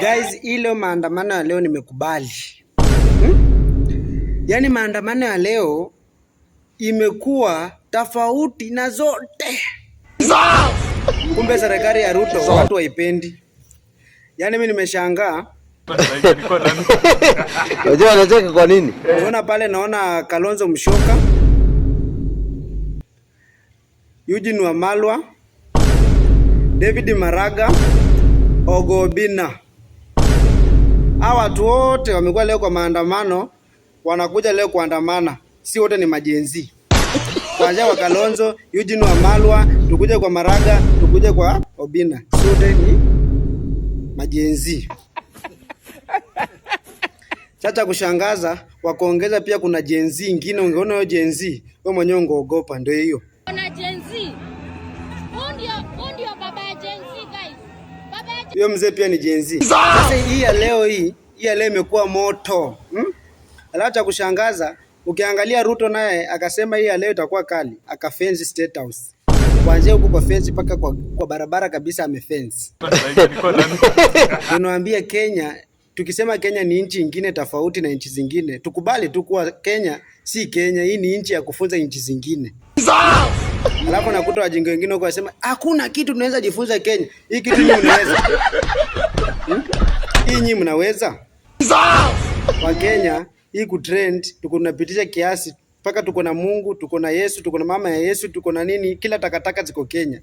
Guys, ile maandamano ya leo nimekubali hmm? Yaani maandamano ya leo imekuwa tofauti na zote. Kumbe serikali ya Ruto watu waipendi. Yaani mimi nimeshangaa. Unajua anacheka kwa nini? Unaona pale naona Kalonzo mshoka Eugene Wamalwa, David Maraga, Ogobina Hawa watu wote wamekuwa leo kwa maandamano, wanakuja leo kuandamana, si wote ni majenzi Kwanza wa Kalonzo, Eugene wa Malwa, tukuje kwa Maraga, tukuje kwa Obina, si wote ni majenzi. Chacha kushangaza, wakaongeza pia kuna jenzi ingine, ungeona hiyo jenzi wewe mwenyewe ungeogopa, ndio hiyo. Huyo mzee pia ni jenzi. Sasa hii ya leo hii, hii ya leo imekuwa moto. Hmm? Alafu cha kushangaza, ukiangalia Ruto naye akasema hii ya leo itakuwa kali, akafence State House. Kuanzia huko kwa fence mpaka kwa, kwa barabara kabisa amefence. Tunawaambia Kenya, tukisema Kenya ni nchi nyingine tofauti na nchi zingine, tukubali tu kuwa Kenya si Kenya, hii ni nchi ya kufunza nchi zingine. Alafu nakuta wajinga wengine huko wasema hakuna kitu tunaweza jifunza Kenya. Hii kitu ni unaweza. Hmm? Hii nyinyi mnaweza? Kwa Kenya hii trend tuko tunapitisha kiasi mpaka tuko na Mungu, tuko na Yesu, tuko na mama ya Yesu, tuko na nini, kila takataka ziko Kenya.